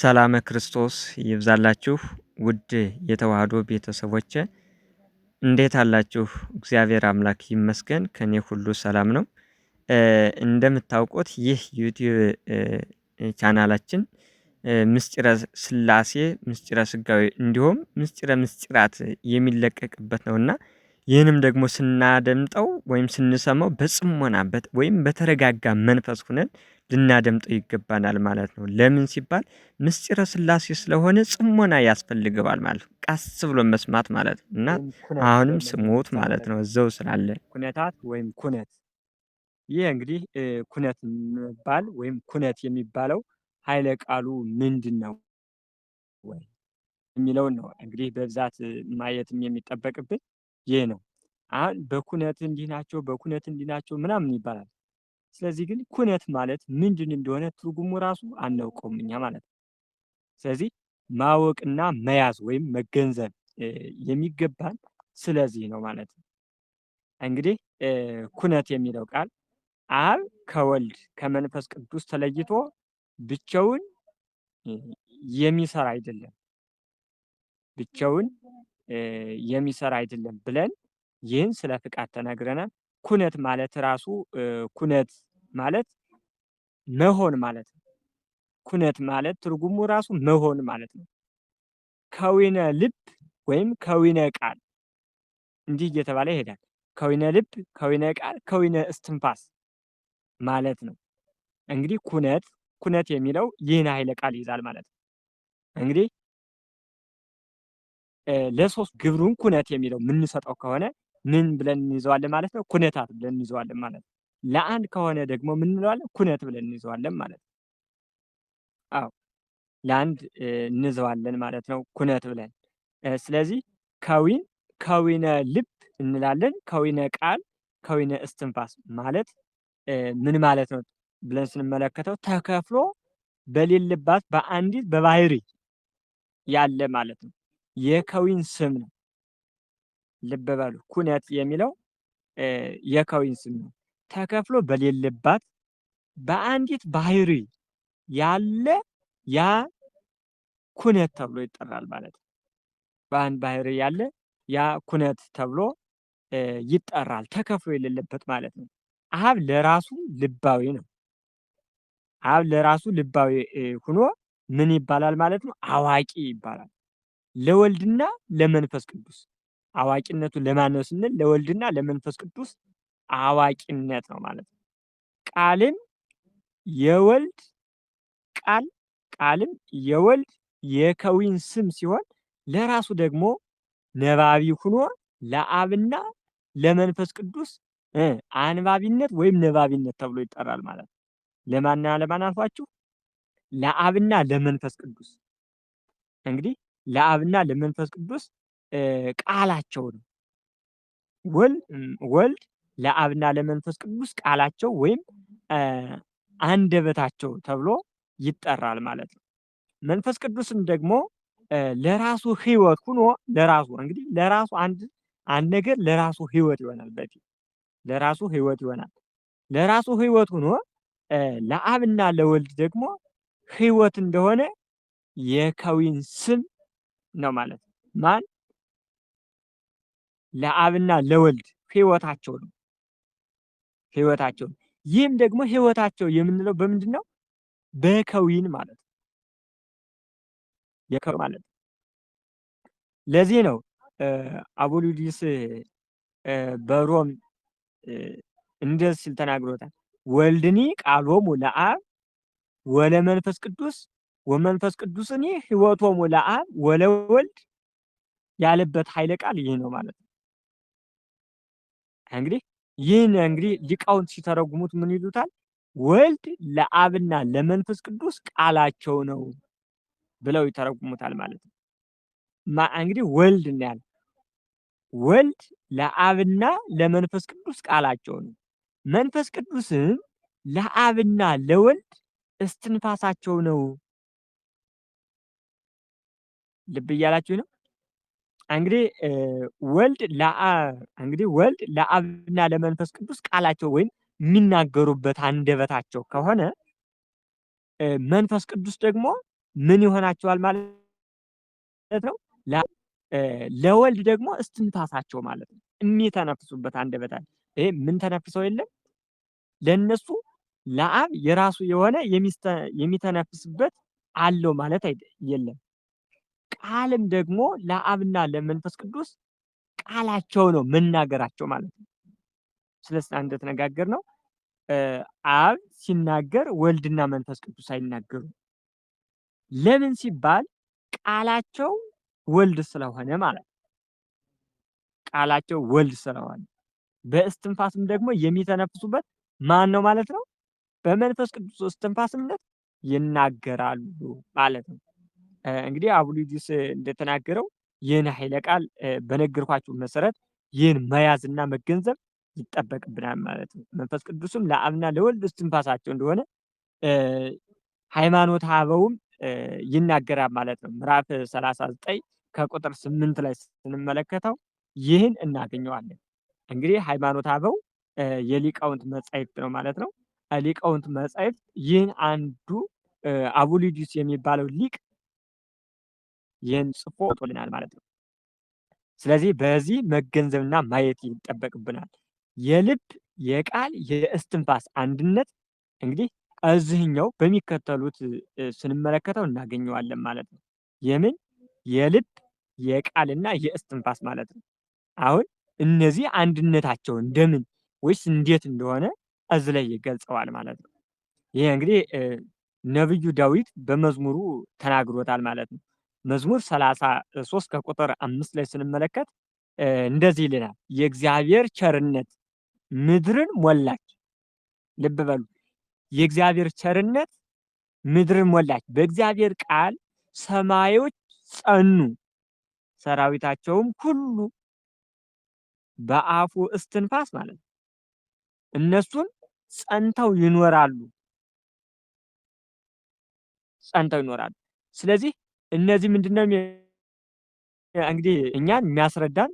ሰላመ ክርስቶስ ይብዛላችሁ ውድ የተዋህዶ ቤተሰቦች እንዴት አላችሁ? እግዚአብሔር አምላክ ይመስገን ከኔ ሁሉ ሰላም ነው። እንደምታውቁት ይህ ዩቲዩብ ቻናላችን ምስጢረ ስላሴ፣ ምስጢረ ስጋዊ እንዲሁም ምስጢረ ምስጢራት የሚለቀቅበት ነው እና ይህንም ደግሞ ስናደምጠው ወይም ስንሰማው በጽሞናበት ወይም በተረጋጋ መንፈስ ሁነን ልናደምጠው ይገባናል ማለት ነው። ለምን ሲባል ምስጢረ ስላሴ ስለሆነ ጽሞና ያስፈልግባል ማለት ነው። ቀስ ብሎ መስማት ማለት ነው እና አሁንም ስሙት ማለት ነው። እዘው ስላለ ኩነታት ወይም ኩነት ይህ እንግዲህ ኩነት የሚባል ወይም ኩነት የሚባለው ኃይለ ቃሉ ምንድን ነው ወይ የሚለውን ነው እንግዲህ በብዛት ማየትም የሚጠበቅብን ይህ ነው። አሁን በኩነት እንዲህ ናቸው፣ በኩነት እንዲህ ናቸው ምናምን ይባላል። ስለዚህ ግን ኩነት ማለት ምንድን እንደሆነ ትርጉሙ ራሱ አናውቀውም እኛ ማለት ነው። ስለዚህ ማወቅና መያዝ ወይም መገንዘብ የሚገባን ስለዚህ ነው ማለት ነው። እንግዲህ ኩነት የሚለው ቃል አብ ከወልድ ከመንፈስ ቅዱስ ተለይቶ ብቻውን የሚሰራ አይደለም ብቻውን የሚሰራ አይደለም ብለን ይህን ስለ ፍቃድ ተናግረናል። ኩነት ማለት ራሱ ኩነት ማለት መሆን ማለት ነው። ኩነት ማለት ትርጉሙ ራሱ መሆን ማለት ነው። ከዊነ ልብ ወይም ከዊነ ቃል እንዲህ እየተባለ ይሄዳል። ከዊነ ልብ፣ ከዊነ ቃል፣ ከዊነ እስትንፋስ ማለት ነው። እንግዲህ ኩነት ኩነት የሚለው ይህን ኃይለ ቃል ይይዛል ማለት ነው። እንግዲህ ለሶስት ግብሩን ኩነት የሚለው የምንሰጠው ከሆነ ምን ብለን እንይዘዋለን ማለት ነው? ኩነታት ብለን እንይዘዋለን ማለት ነው። ለአንድ ከሆነ ደግሞ ምን እንለዋለን? ኩነት ብለን እንይዘዋለን ማለት ነው። አዎ ለአንድ እንይዘዋለን ማለት ነው፣ ኩነት ብለን። ስለዚህ ከዊን ከዊነ ልብ እንላለን፣ ከዊነ ቃል፣ ከዊነ እስትንፋስ ማለት ምን ማለት ነው ብለን ስንመለከተው ተከፍሎ በሌለባት በአንዲት በባህሪ ያለ ማለት ነው። የከዊን ስም ነው። ልብ በሉ ኩነት የሚለው የከዊን ስም ነው። ተከፍሎ በሌለባት በአንዲት ባህሪ ያለ ያ ኩነት ተብሎ ይጠራል ማለት ነው። በአንድ ባህሪ ያለ ያ ኩነት ተብሎ ይጠራል። ተከፍሎ የሌለበት ማለት ነው። አብ ለራሱ ልባዊ ነው። አብ ለራሱ ልባዊ ሁኖ ምን ይባላል ማለት ነው? አዋቂ ይባላል። ለወልድና ለመንፈስ ቅዱስ አዋቂነቱ ለማን ነው ስንል ለወልድና ለመንፈስ ቅዱስ አዋቂነት ነው ማለት ነው። ቃልም የወልድ ቃል ቃልም የወልድ የከዊን ስም ሲሆን ለራሱ ደግሞ ነባቢ ሁኖ ለአብና ለመንፈስ ቅዱስ አንባቢነት ወይም ነባቢነት ተብሎ ይጠራል ማለት ነው። ለማና ለማን አልኳችሁ? ለአብና ለመንፈስ ቅዱስ እንግዲህ ለአብና ለመንፈስ ቅዱስ ቃላቸው ነው። ወልድ ለአብና ለመንፈስ ቅዱስ ቃላቸው ወይም አንደበታቸው ተብሎ ይጠራል ማለት ነው። መንፈስ ቅዱስም ደግሞ ለራሱ ሕይወት ሁኖ ለራሱ እንግዲህ ለራሱ አንድ አንድ ነገር ለራሱ ሕይወት ይሆናል። በፊት ለራሱ ሕይወት ይሆናል። ለራሱ ሕይወት ሁኖ ለአብና ለወልድ ደግሞ ሕይወት እንደሆነ የከዊን ስም ነው ማለት ነው። ማን ለአብና ለወልድ ህይወታቸው ነው። ህይወታቸው ነው። ይህም ደግሞ ህይወታቸው የምንለው በምንድን ነው? በከዊን ማለት ነው። የከው ማለት ለዚህ ነው አቡሉዲስ በሮም እንደዚህ ሲል ተናግሮታል። ወልድኒ ቃሎሙ ለአብ ወለመንፈስ ቅዱስ ወመንፈስ ቅዱስኒ ህይወቶሙ ለአብ ወለወልድ ያለበት ኃይለ ቃል ይህ ነው ማለት ነው። እንግዲህ ይህን እንግዲህ ሊቃውንት ሲተረጉሙት ምን ይሉታል? ወልድ ለአብና ለመንፈስ ቅዱስ ቃላቸው ነው ብለው ይተረጉሙታል ማለት ነው። እንግዲህ ወልድ እናያለ ወልድ ለአብና ለመንፈስ ቅዱስ ቃላቸው ነው። መንፈስ ቅዱስም ለአብና ለወልድ እስትንፋሳቸው ነው። ልብ እያላችሁ ነው። እንግዲህ ወልድ እንግዲህ ወልድ ለአብና ለመንፈስ ቅዱስ ቃላቸው ወይም የሚናገሩበት አንደበታቸው ከሆነ መንፈስ ቅዱስ ደግሞ ምን ይሆናቸዋል ማለት ነው። ለወልድ ደግሞ እስትንፋሳቸው ማለት ነው። የሚተነፍሱበት አንደበታቸው ይሄ ምን ተነፍሰው የለም ለእነሱ ለአብ የራሱ የሆነ የሚተነፍስበት አለው ማለት የለም። ቃልም ደግሞ ለአብና ለመንፈስ ቅዱስ ቃላቸው ነው መናገራቸው ማለት ነው። ስለዚህ እንደተነጋገር ነው አብ ሲናገር ወልድና መንፈስ ቅዱስ አይናገሩም። ለምን ሲባል ቃላቸው ወልድ ስለሆነ ማለት ነው። ቃላቸው ወልድ ስለሆነ በእስትንፋስም ደግሞ የሚተነፍሱበት ማን ነው ማለት ነው። በመንፈስ ቅዱስ እስትንፋስነት ይናገራሉ ማለት ነው። እንግዲህ አቡሊዲስ እንደተናገረው ይህን ኃይለ ቃል በነገርኳችሁ መሰረት ይህን መያዝ እና መገንዘብ ይጠበቅብናል ማለት ነው። መንፈስ ቅዱስም ለአብና ለወልድ እስትንፋሳቸው እንደሆነ ሃይማኖት አበውም ይናገራል ማለት ነው። ምዕራፍ ሰላሳ ዘጠኝ ከቁጥር ስምንት ላይ ስንመለከተው ይህን እናገኘዋለን። እንግዲህ ሃይማኖት አበው የሊቃውንት መጻሕፍት ነው ማለት ነው። ሊቃውንት መጻሕፍት ይህን አንዱ አቡሊዲስ የሚባለው ሊቅ ይህን ጽፎ ወጥቶልናል ማለት ነው። ስለዚህ በዚህ መገንዘብና ማየት ይጠበቅብናል። የልብ የቃል የእስትንፋስ አንድነት እንግዲህ እዚህኛው በሚከተሉት ስንመለከተው እናገኘዋለን ማለት ነው። የምን የልብ የቃልና የእስትንፋስ ማለት ነው። አሁን እነዚህ አንድነታቸው እንደምን ወይስ እንዴት እንደሆነ እዚህ ላይ ይገልጸዋል ማለት ነው። ይሄ እንግዲህ ነብዩ ዳዊት በመዝሙሩ ተናግሮታል ማለት ነው። መዝሙር 33 ከቁጥር አምስት ላይ ስንመለከት እንደዚህ ይልናል፣ የእግዚአብሔር ቸርነት ምድርን ሞላች። ልብ በሉ፣ የእግዚአብሔር ቸርነት ምድርን ሞላች። በእግዚአብሔር ቃል ሰማዮች ጸኑ፣ ሰራዊታቸውም ሁሉ በአፉ እስትንፋስ ማለት ነው። እነሱም ጸንተው ይኖራሉ ጸንተው ይኖራሉ። ስለዚህ እነዚህ ምንድነው እንግዲህ እኛን የሚያስረዳን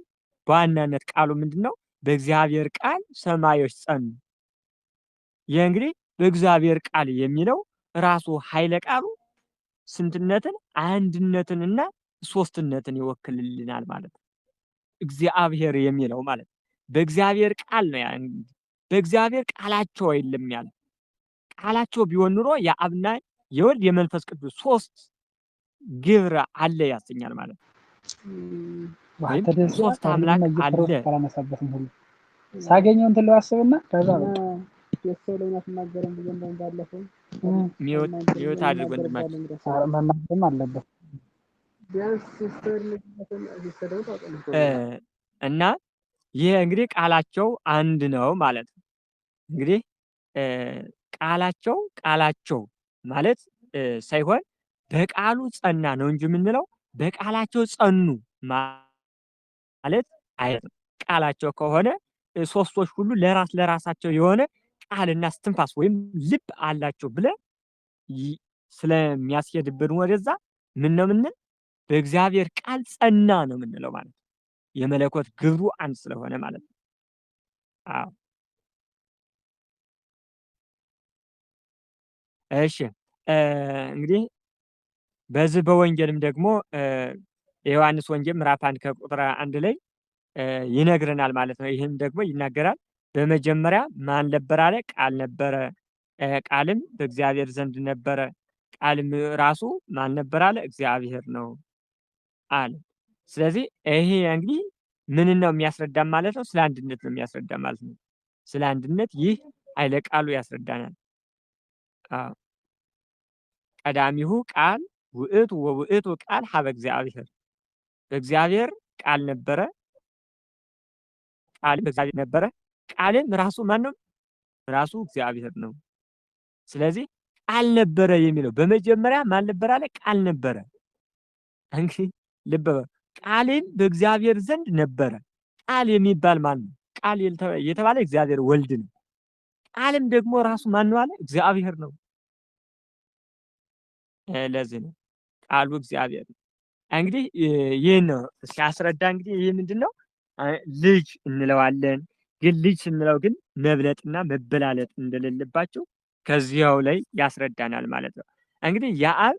በዋናነት ቃሉ ምንድን ነው? በእግዚአብሔር ቃል ሰማዮች ጸኑ። ይህ እንግዲህ በእግዚአብሔር ቃል የሚለው ራሱ ኃይለ ቃሉ ስንትነትን አንድነትን እና ሶስትነትን ይወክልልናል ማለት ነው። እግዚአብሔር የሚለው ማለት በእግዚአብሔር ቃል ነው። በእግዚአብሔር ቃላቸው የለም ያለ ቃላቸው ቢሆን ኑሮ የአብና የወልድ የመንፈስ ቅዱስ ሶስት ግብረ አለ ያሰኛል ማለት ነው። ሶስት አምላክ አለ ሳገኘው እንትን ለው አስብና ከዛ ሚወት አድርጎ መናገርም አለበት እና ይህ እንግዲህ ቃላቸው አንድ ነው ማለት ነው። እንግዲህ ቃላቸው ቃላቸው ማለት ሳይሆን በቃሉ ጸና ነው እንጂ የምንለው በቃላቸው ጸኑ ማለት አይደለም። ቃላቸው ከሆነ ሶስቶች ሁሉ ለራስ ለራሳቸው የሆነ ቃልና ስትንፋስ ወይም ልብ አላቸው ብለ ስለሚያስሄድብን ወደዛ ምን ነው ምንል በእግዚአብሔር ቃል ጸና ነው የምንለው ማለት ነው። የመለኮት ግብሩ አንድ ስለሆነ ማለት ነው። አዎ እሺ እንግዲህ በዚህ በወንጌልም ደግሞ የዮሐንስ ወንጌል ምዕራፍ አንድ ከቁጥር አንድ ላይ ይነግረናል ማለት ነው። ይህም ደግሞ ይናገራል። በመጀመሪያ ማን ነበር አለ? ቃል ነበረ፣ ቃልም በእግዚአብሔር ዘንድ ነበረ፣ ቃልም ራሱ ማን ነበር አለ? እግዚአብሔር ነው አለ። ስለዚህ ይሄ እንግዲህ ምን ነው የሚያስረዳን ማለት ነው። ስለ አንድነት ነው የሚያስረዳ ማለት ነው። ስለ አንድነት ይህ ኃይለ ቃሉ ያስረዳናል። ቀዳሚሁ ቃል ውእቱ ወውእቱ ቃል ሀበ እግዚአብሔር በእግዚአብሔር ቃል ነበረ፣ ቃል በእግዚአብሔር ነበረ፣ ቃልም ራሱ ማን ነው? ራሱ እግዚአብሔር ነው። ስለዚህ ቃል ነበረ የሚለው በመጀመሪያ ማን ነበረ አለ? ቃል ነበረ። እንግዲህ ልብ በሉ፣ ቃልም በእግዚአብሔር ዘንድ ነበረ። ቃል የሚባል ማን ነው? ቃል የተባለ እግዚአብሔር ወልድ ነው። ቃልም ደግሞ ራሱ ማን ነው አለ? እግዚአብሔር ነው። ለዚህ ነው ቃሉ እግዚአብሔር ነው። እንግዲህ ይህን ነው ሲያስረዳ። እንግዲህ ይህ ምንድን ነው? ልጅ እንለዋለን። ግን ልጅ ስንለው ግን መብለጥና መበላለጥ እንደሌለባቸው ከዚያው ላይ ያስረዳናል ማለት ነው። እንግዲህ የአብ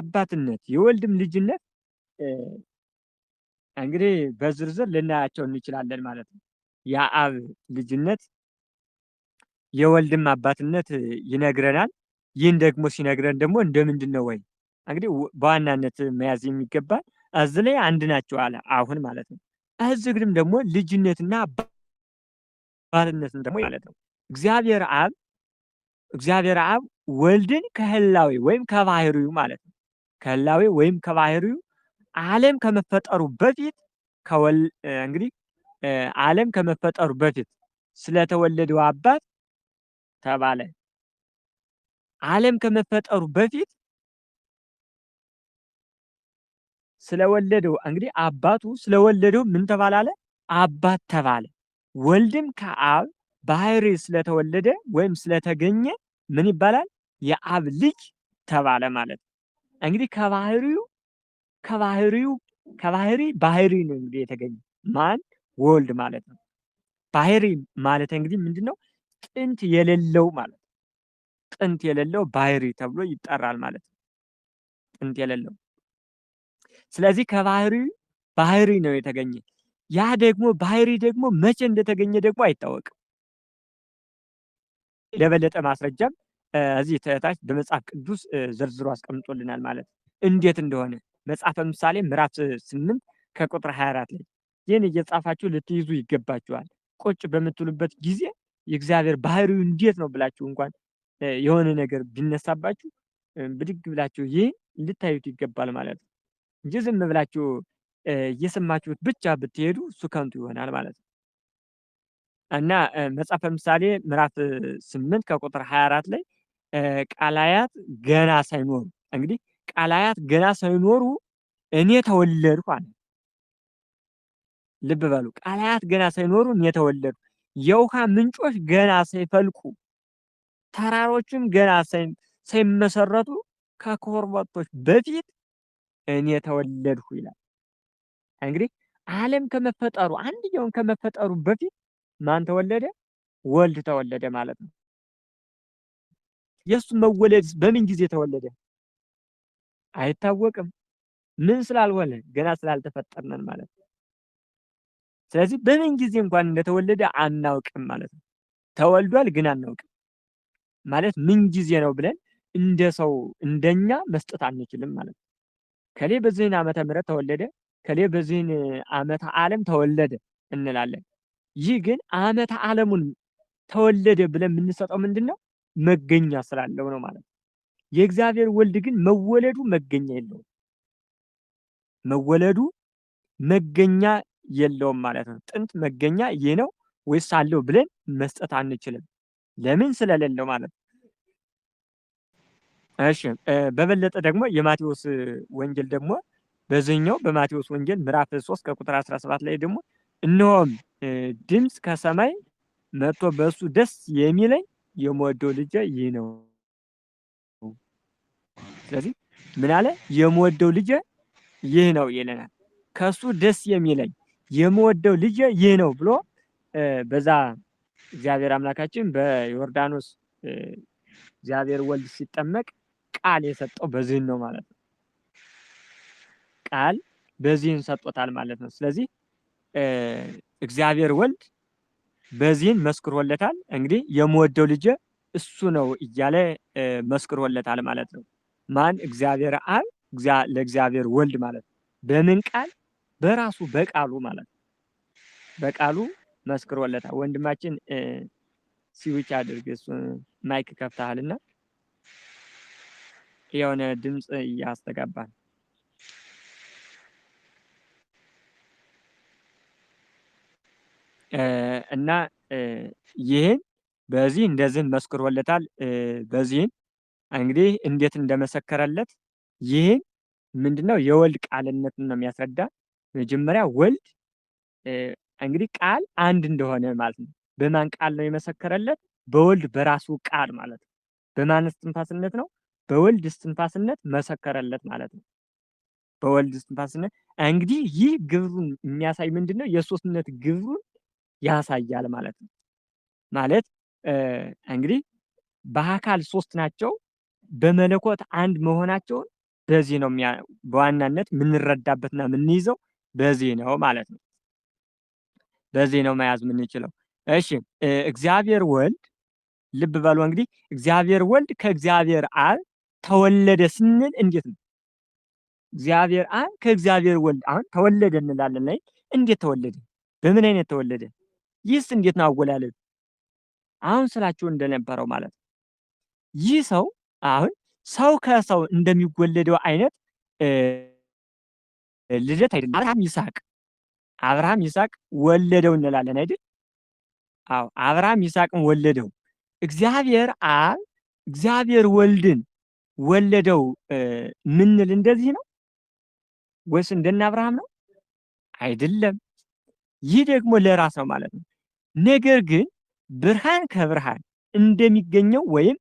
አባትነት የወልድም ልጅነት እንግዲህ በዝርዝር ልናያቸው እንችላለን ማለት ነው። የአብ ልጅነት የወልድም አባትነት ይነግረናል። ይህን ደግሞ ሲነግረን ደግሞ እንደምንድን ነው ወይ እንግዲህ በዋናነት መያዝ የሚገባል እዚ ላይ አንድ ናቸው አለ አሁን ማለት ነው። እዚ ግድም ደግሞ ልጅነትና ባልነትን ደግሞ ማለት ነው እግዚአብሔር አብ እግዚአብሔር አብ ወልድን ከህላዊ ወይም ከባህሪው ማለት ነው ከህላዊ ወይም ከባህሪው ዓለም ከመፈጠሩ በፊት እንግዲህ ዓለም ከመፈጠሩ በፊት ስለተወለደው አባት ተባለ ዓለም ከመፈጠሩ በፊት ስለወለደው እንግዲህ አባቱ ስለወለደው ምን ተባላለ? አባት ተባለ። ወልድም ከአብ ባህሪ ስለተወለደ ወይም ስለተገኘ ምን ይባላል? የአብ ልጅ ተባለ ማለት ነው። እንግዲህ ከባህሪው ከባህሪው ከባህሪ ባህሪ ነው እንግዲህ የተገኘ ማን ወልድ ማለት ነው። ባህሪ ማለት እንግዲህ ምንድን ነው? ጥንት የሌለው ማለት ነው። ጥንት የሌለው ባህሪ ተብሎ ይጠራል ማለት ነው። ጥንት የሌለው ስለዚህ ከባህሪ ባህሪ ነው የተገኘ። ያ ደግሞ ባህሪ ደግሞ መቼ እንደተገኘ ደግሞ አይታወቅም። ለበለጠ ማስረጃም እዚህ ተታች በመጽሐፍ ቅዱስ ዝርዝሩ አስቀምጦልናል ማለት ነው። እንዴት እንደሆነ መጽሐፈ ምሳሌ ምዕራፍ ስምንት ከቁጥር 24 ላይ ይህን እየጻፋችሁ ልትይዙ ይገባችኋል። ቁጭ በምትሉበት ጊዜ የእግዚአብሔር ባህሪው እንዴት ነው ብላችሁ እንኳን የሆነ ነገር ቢነሳባችሁ ብድግ ብላችሁ ይህ ልታዩት ይገባል ማለት ነው እንጂ ዝም ብላችሁ እየሰማችሁት ብቻ ብትሄዱ እሱ ከንቱ ይሆናል ማለት ነው። እና መጽሐፈ ምሳሌ ምዕራፍ ስምንት ከቁጥር ሀያ አራት ላይ ቃላያት ገና ሳይኖሩ እንግዲህ ቃላያት ገና ሳይኖሩ እኔ ተወለድኩ አለ። ልብ በሉ ቃላያት ገና ሳይኖሩ እኔ ተወለድኩ፣ የውሃ ምንጮች ገና ሳይፈልቁ ተራሮችም ገና ሳይመሰረቱ ከኮረብቶች በፊት እኔ ተወለድሁ ይላል። እንግዲህ ዓለም ከመፈጠሩ አንድየውን ከመፈጠሩ በፊት ማን ተወለደ? ወልድ ተወለደ ማለት ነው። የእሱ መወለድ በምን ጊዜ ተወለደ? አይታወቅም። ምን ስላልሆነ ገና ስላልተፈጠርነን ማለት ነው። ስለዚህ በምን ጊዜ እንኳን እንደተወለደ አናውቅም ማለት ነው። ተወልዷል ግን አናውቅም። ማለት ምን ጊዜ ነው ብለን እንደ ሰው እንደኛ መስጠት አንችልም ማለት ነው። ከሌ በዚህን ዓመተ ምህረት ተወለደ፣ ከሌ በዚህን ዓመተ ዓለም ተወለደ እንላለን። ይህ ግን ዓመተ ዓለሙን ተወለደ ብለን የምንሰጠው ምንድን ነው? መገኛ ስላለው ነው ማለት ነው። የእግዚአብሔር ወልድ ግን መወለዱ መገኛ የለውም። መወለዱ መገኛ የለውም ማለት ነው። ጥንት መገኛ ይህ ነው ወይስ አለው ብለን መስጠት አንችልም። ለምን ስለሌለው ማለት ነው። እሺ በበለጠ ደግሞ የማቴዎስ ወንጌል ደግሞ በዚህኛው በማቴዎስ ወንጌል ምዕራፍ 3 ከቁጥር 17 ላይ ደግሞ እነሆም ድምፅ ከሰማይ መጥቶ በእሱ ደስ የሚለኝ የምወደው ልጄ ይህ ነው። ስለዚህ ምን አለ? የምወደው ልጄ ይህ ነው ይለናል። ከእሱ ደስ የሚለኝ የምወደው ልጄ ይህ ነው ብሎ በዛ እግዚአብሔር አምላካችን በዮርዳኖስ እግዚአብሔር ወልድ ሲጠመቅ ቃል የሰጠው በዚህን ነው ማለት ነው። ቃል በዚህን ሰጦታል ማለት ነው። ስለዚህ እግዚአብሔር ወልድ በዚህን መስክሮለታል። እንግዲህ የምወደው ልጄ እሱ ነው እያለ መስክሮለታል ማለት ነው። ማን? እግዚአብሔር አብ ለእግዚአብሔር ወልድ ማለት ነው። በምን ቃል? በራሱ በቃሉ ማለት ነው። በቃሉ መስክሮለታል። ወንድማችን ሲዊች አድርግ እሱ ማይክ ከፍተሃልና የሆነ ድምፅ እያስተጋባል እና ይህን በዚህ እንደዚህ መስክሮለታል። በዚህን እንግዲህ እንዴት እንደመሰከረለት ይህን ምንድነው የወልድ ቃልነትን ነው የሚያስረዳ። መጀመሪያ ወልድ እንግዲህ ቃል አንድ እንደሆነ ማለት ነው። በማን ቃል ነው የመሰከረለት? በወልድ በራሱ ቃል ማለት ነው። በማን እስትንፋስነት ነው? በወልድ እስትንፋስነት መሰከረለት ማለት ነው። በወልድ እስትንፋስነት እንግዲህ ይህ ግብሩን የሚያሳይ ምንድን ነው? የሶስትነት ግብሩን ያሳያል ማለት ነው። ማለት እንግዲህ በአካል ሶስት ናቸው፣ በመለኮት አንድ መሆናቸውን በዚህ ነው በዋናነት የምንረዳበትና የምንይዘው በዚህ ነው ማለት ነው። በዚህ ነው መያዝ የምንችለው። እሺ እግዚአብሔር ወልድ ልብ በሉ እንግዲህ እግዚአብሔር ወልድ ከእግዚአብሔር አብ ተወለደ ስንል እንዴት ነው? እግዚአብሔር አብ ከእግዚአብሔር ወልድ አሁን ተወለደ እንላለን ላይ እንዴት ተወለደ? በምን አይነት ተወለደ? ይህስ እንዴት ነው አወላለዱ? አሁን ስላችሁ እንደነበረው ማለት ነው። ይህ ሰው አሁን ሰው ከሰው እንደሚወለደው አይነት ልደት አይደለም። አብርሃም ይስሐቅ አብርሃም ይስሐቅ ወለደው እንላለን አይደል? አዎ አብርሃም ይስሐቅን ወለደው። እግዚአብሔር አብ እግዚአብሔር ወልድን ወለደው ምንል እንደዚህ ነው ወይስ እንደነ አብርሃም ነው? አይደለም። ይህ ደግሞ ለራስ ነው ማለት ነው። ነገር ግን ብርሃን ከብርሃን እንደሚገኘው ወይም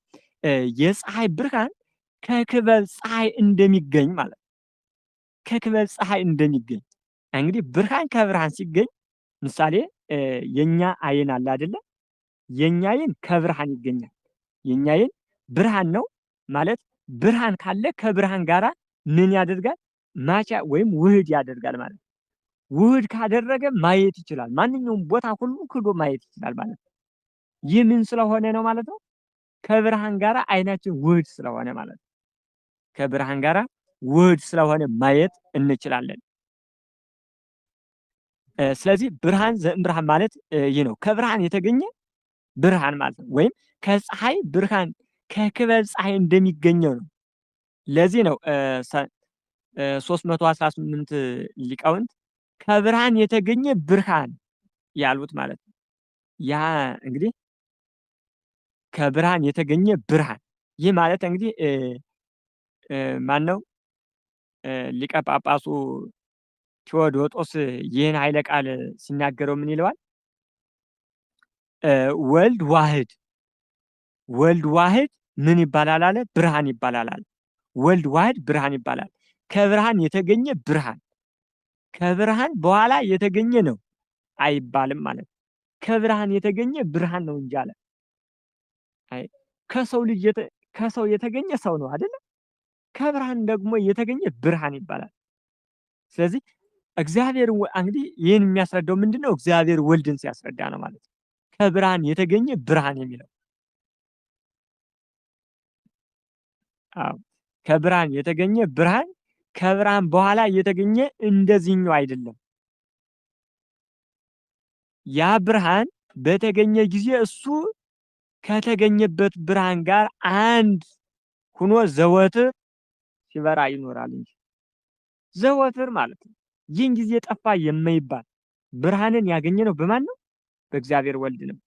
የፀሐይ ብርሃን ከክበብ ፀሐይ እንደሚገኝ ማለት ነው። ከክበብ ፀሐይ እንደሚገኝ እንግዲህ ብርሃን ከብርሃን ሲገኝ ምሳሌ የኛ አይን አለ አይደለ? የኛ አይን ከብርሃን ይገኛል። የኛ አይን ብርሃን ነው ማለት ብርሃን ካለ ከብርሃን ጋራ ምን ያደርጋል? ማቻ ወይም ውህድ ያደርጋል ማለት ነው። ውህድ ካደረገ ማየት ይችላል። ማንኛውም ቦታ ሁሉ ክዶ ማየት ይችላል ማለት ነው። ይህ ምን ስለሆነ ነው ማለት ነው? ከብርሃን ጋራ አይናችን ውህድ ስለሆነ ማለት ነው። ከብርሃን ጋራ ውህድ ስለሆነ ማየት እንችላለን። ስለዚህ ብርሃን ዘእምብርሃን ማለት ይህ ነው። ከብርሃን የተገኘ ብርሃን ማለት ነው። ወይም ከፀሐይ ብርሃን ከክበብ ፀሐይ እንደሚገኘው ነው። ለዚህ ነው 318 ሊቃውንት ከብርሃን የተገኘ ብርሃን ያሉት ማለት ነው። ያ እንግዲህ ከብርሃን የተገኘ ብርሃን ይህ ማለት እንግዲህ ማን ነው ሊቀ ጳጳሱ ቴዎዶጦስ ይህን ኃይለ ቃል ሲናገረው ምን ይለዋል? ወልድ ዋህድ ወልድ ዋህድ ምን ይባላል አለ? ብርሃን ይባላል አለ። ወልድ ዋህድ ብርሃን ይባላል። ከብርሃን የተገኘ ብርሃን ከብርሃን በኋላ የተገኘ ነው አይባልም ማለት ነው። ከብርሃን የተገኘ ብርሃን ነው እንጂ አለ። አይ ከሰው ልጅ ከሰው የተገኘ ሰው ነው አይደለ? ከብርሃን ደግሞ የተገኘ ብርሃን ይባላል። ስለዚህ እግዚአብሔር እንግዲህ ይህን የሚያስረዳው ምንድን ነው? እግዚአብሔር ወልድን ሲያስረዳ ነው ማለት ነው። ከብርሃን የተገኘ ብርሃን የሚለው ከብርሃን የተገኘ ብርሃን ከብርሃን በኋላ የተገኘ እንደዚህኛው አይደለም። ያ ብርሃን በተገኘ ጊዜ እሱ ከተገኘበት ብርሃን ጋር አንድ ሁኖ ዘወትር ሲበራ ይኖራል እንጂ ዘወትር ማለት ነው ይህን ጊዜ ጠፋ የማይባል ብርሃንን ያገኘ ነው። በማን ነው? በእግዚአብሔር ወልድ ነው።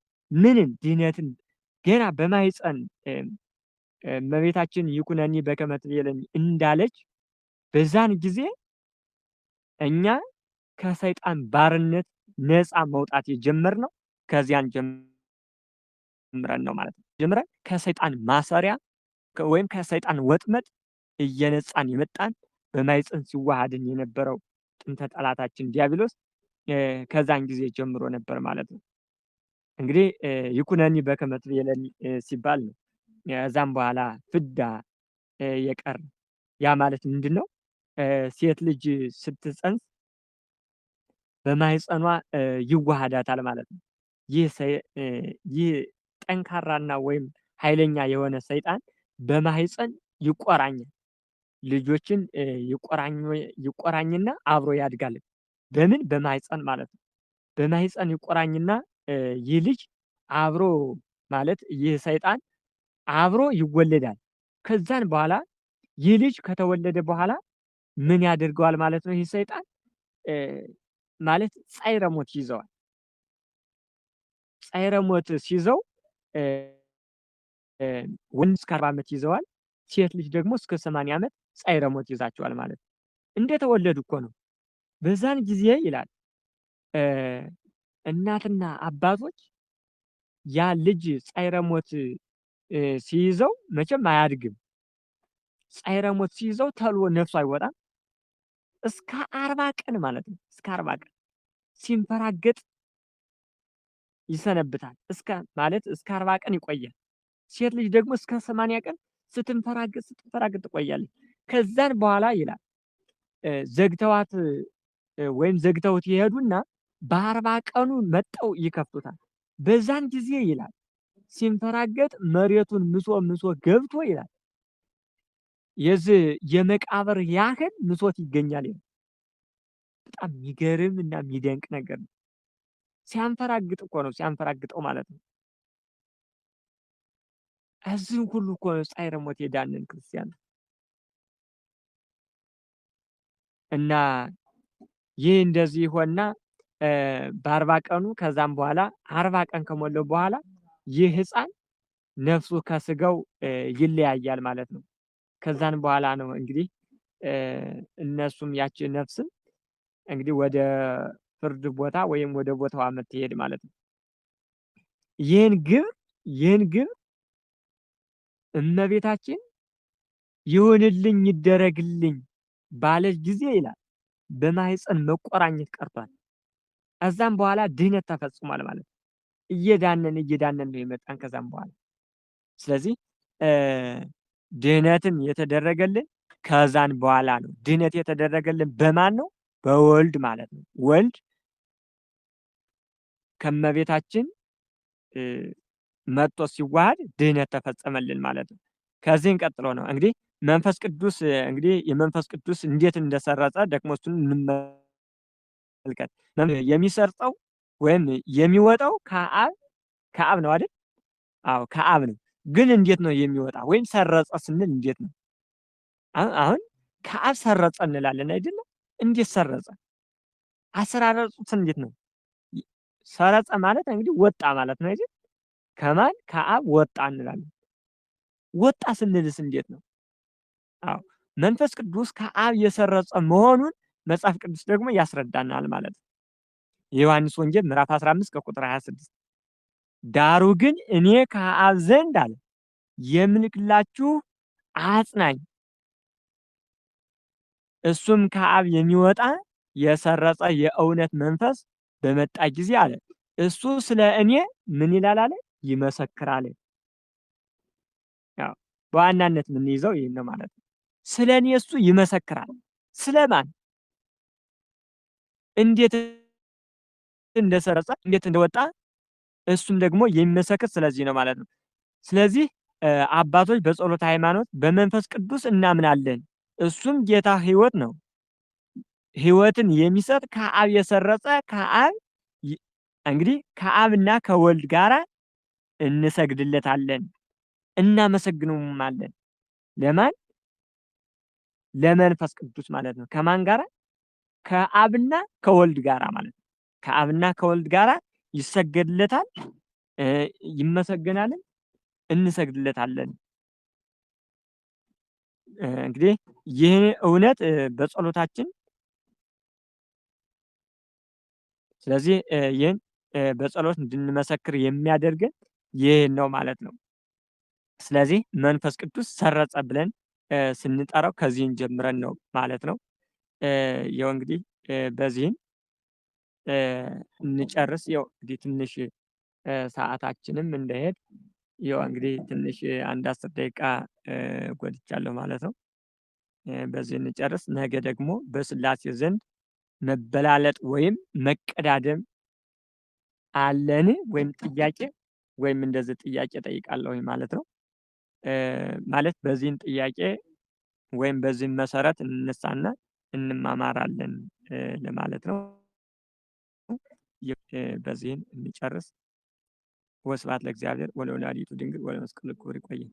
ምንን? ድህነትን ገና በማይፀን እመቤታችን ይኩነኒ በከመ ትቤለኒ እንዳለች በዛን ጊዜ እኛ ከሰይጣን ባርነት ነፃ መውጣት የጀመር ነው ከዚያን ጀምረን ነው ማለት ነው። ጀምረን ከሰይጣን ማሰሪያ ወይም ከሰይጣን ወጥመድ እየነፃን የመጣን በማይፀን ሲዋሃድን የነበረው ጥንተ ጠላታችን ዲያብሎስ ከዛን ጊዜ ጀምሮ ነበር ማለት ነው። እንግዲህ ይኩነኒ በከመ ትቤለኒ ሲባል ነው። ከዛም በኋላ ፍዳ የቀረ ያ ማለት ምንድን ነው? ሴት ልጅ ስትጸንስ በማህፀኗ ይዋሃዳታል ማለት ነው። ይህ ጠንካራና ወይም ኃይለኛ የሆነ ሰይጣን በማህፀን ይቆራኛል። ልጆችን ይቆራኝና አብሮ ያድጋል። በምን በማይፀን ማለት ነው። በማይፀን ይቆራኝና ይህ ልጅ አብሮ ማለት ይህ ሰይጣን አብሮ ይወለዳል። ከዛን በኋላ ይህ ልጅ ከተወለደ በኋላ ምን ያደርገዋል ማለት ነው? ይህ ሰይጣን ማለት ጻይረ ሞት ይዘዋል። ጻይረ ሞት ሲይዘው ወንድ እስከ አርባ ዓመት ይዘዋል። ሴት ልጅ ደግሞ እስከ ሰማንያ ዓመት ፀይረ ሞት ይዛቸዋል ማለት ነው። እንደተወለዱ እኮ ነው። በዛን ጊዜ ይላል እናትና አባቶች ያ ልጅ ፀይረ ሞት ሲይዘው መቼም አያድግም። ፀይረ ሞት ሲይዘው ተልዎ ነፍሱ አይወጣም። እስከ አርባ ቀን ማለት ነው። እስከ አርባ ቀን ሲንፈራገጥ ይሰነብታል። እስከ ማለት እስከ አርባ ቀን ይቆያል። ሴት ልጅ ደግሞ እስከ ሰማንያ ቀን ስትንፈራገጥ ስትንፈራገጥ ትቆያለች። ከዛን በኋላ ይላል ዘግተዋት ወይም ዘግተውት ይሄዱና በአርባ ቀኑ መጠው ይከፍቱታል። በዛን ጊዜ ይላል ሲንፈራገጥ መሬቱን ምሶ ምሶ ገብቶ ይላል የዚህ የመቃብር ያህል ምሶት ይገኛል። በጣም የሚገርም እና የሚደንቅ ነገር ነው። ሲያንፈራግጥ እኮ ነው ሲያንፈራግጠው ማለት ነው። እዚህም ሁሉ እኮ ነው ፀይረ ሞት የዳንን ክርስቲያን ነው። እና ይህ እንደዚህ ይሆንና በአርባ ቀኑ ከዛም በኋላ አርባ ቀን ከሞላው በኋላ ይህ ህፃን ነፍሱ ከስጋው ይለያያል ማለት ነው። ከዛን በኋላ ነው እንግዲህ እነሱም ያች ነፍስም እንግዲህ ወደ ፍርድ ቦታ ወይም ወደ ቦታዋ የምትሄድ ማለት ነው። ይህን ግብር ይህን ግብር እመቤታችን ይሁንልኝ ይደረግልኝ ባለች ጊዜ ይላል በማህፀን መቆራኘት ቀርቷል። ከዛም በኋላ ድህነት ተፈጽሟል ማለት ነው። እየዳነን እየዳነን ነው የመጣን ከዛም በኋላ ስለዚህ ድህነትን የተደረገልን ከዛን በኋላ ነው። ድህነት የተደረገልን በማን ነው? በወልድ ማለት ነው። ወልድ ከመቤታችን መጥቶ ሲዋሃድ ድህነት ተፈጸመልን ማለት ነው። ከዚህን ቀጥሎ ነው እንግዲህ መንፈስ ቅዱስ እንግዲህ የመንፈስ ቅዱስ እንዴት እንደሰረጸ ደግሞ እሱን እንመልከት። የሚሰርጸው ወይም የሚወጣው ከአብ ከአብ ነው አይደል? አዎ ከአብ ነው። ግን እንዴት ነው የሚወጣ? ወይም ሰረጸ ስንል እንዴት ነው? አሁን ከአብ ሰረጸ እንላለን አይደል? እንዴት ሰረጸ? አሰራረጹት እንዴት ነው? ሰረጸ ማለት እንግዲህ ወጣ ማለት ነው አይደል? ከማን ከአብ ወጣ እንላለን። ወጣ ስንልስ እንዴት ነው? አዎ መንፈስ ቅዱስ ከአብ የሰረጸ መሆኑን መጽሐፍ ቅዱስ ደግሞ ያስረዳናል ማለት ነው። የዮሐንስ ወንጌል ምዕራፍ 15 ከቁጥር 26 ዳሩ ግን እኔ ከአብ ዘንድ አለ የምልክላችሁ አጽናኝ እሱም ከአብ የሚወጣ የሰረጸ የእውነት መንፈስ በመጣ ጊዜ አለ እሱ ስለ እኔ ምን ይላል አለ ይመሰክራል። በዋናነት የምንይዘው ይህን ነው ማለት ነው። ስለ እኔ እሱ ይመሰክራል። ስለማን እንዴት እንደሰረጸ እንዴት እንደወጣ እሱም ደግሞ የሚመሰክር ስለዚህ ነው ማለት ነው። ስለዚህ አባቶች በጸሎት ሃይማኖት በመንፈስ ቅዱስ እናምናለን። እሱም ጌታ ህይወት ነው። ህይወትን የሚሰጥ ከአብ የሰረጸ ከአብ እንግዲህ ከአብና ከወልድ ጋራ እንሰግድለታለን፣ እናመሰግነውማለን። ለማን ለመንፈስ ቅዱስ ማለት ነው። ከማን ጋራ? ከአብና ከወልድ ጋራ ማለት ነው። ከአብና ከወልድ ጋራ ይሰገድለታል፣ ይመሰገናልን፣ እንሰግድለታለን። እንግዲህ ይህ እውነት በጸሎታችን ስለዚህ ይህን በጸሎት እንድንመሰክር የሚያደርገን ይህን ነው ማለት ነው። ስለዚህ መንፈስ ቅዱስ ሰረጸ ብለን ስንጠራው ከዚህን ጀምረን ነው ማለት ነው። ያው እንግዲህ በዚህም እንጨርስ። ያው እንግዲህ ትንሽ ሰዓታችንም እንደሄድ ያው እንግዲህ ትንሽ አንድ አስር ደቂቃ ጎድቻለሁ ማለት ነው። በዚህ እንጨርስ። ነገ ደግሞ በስላሴ ዘንድ መበላለጥ ወይም መቀዳደም አለን ወይም ጥያቄ ወይም እንደዚህ ጥያቄ ጠይቃለሁ ማለት ነው። ማለት በዚህን ጥያቄ ወይም በዚህን መሰረት እንነሳና እንማማራለን ለማለት ነው። በዚህን እንጨርስ። ወስብሐት ለእግዚአብሔር ወለወላዲቱ ድንግል ወለመስቀሉ ክቡር። ይቆየን።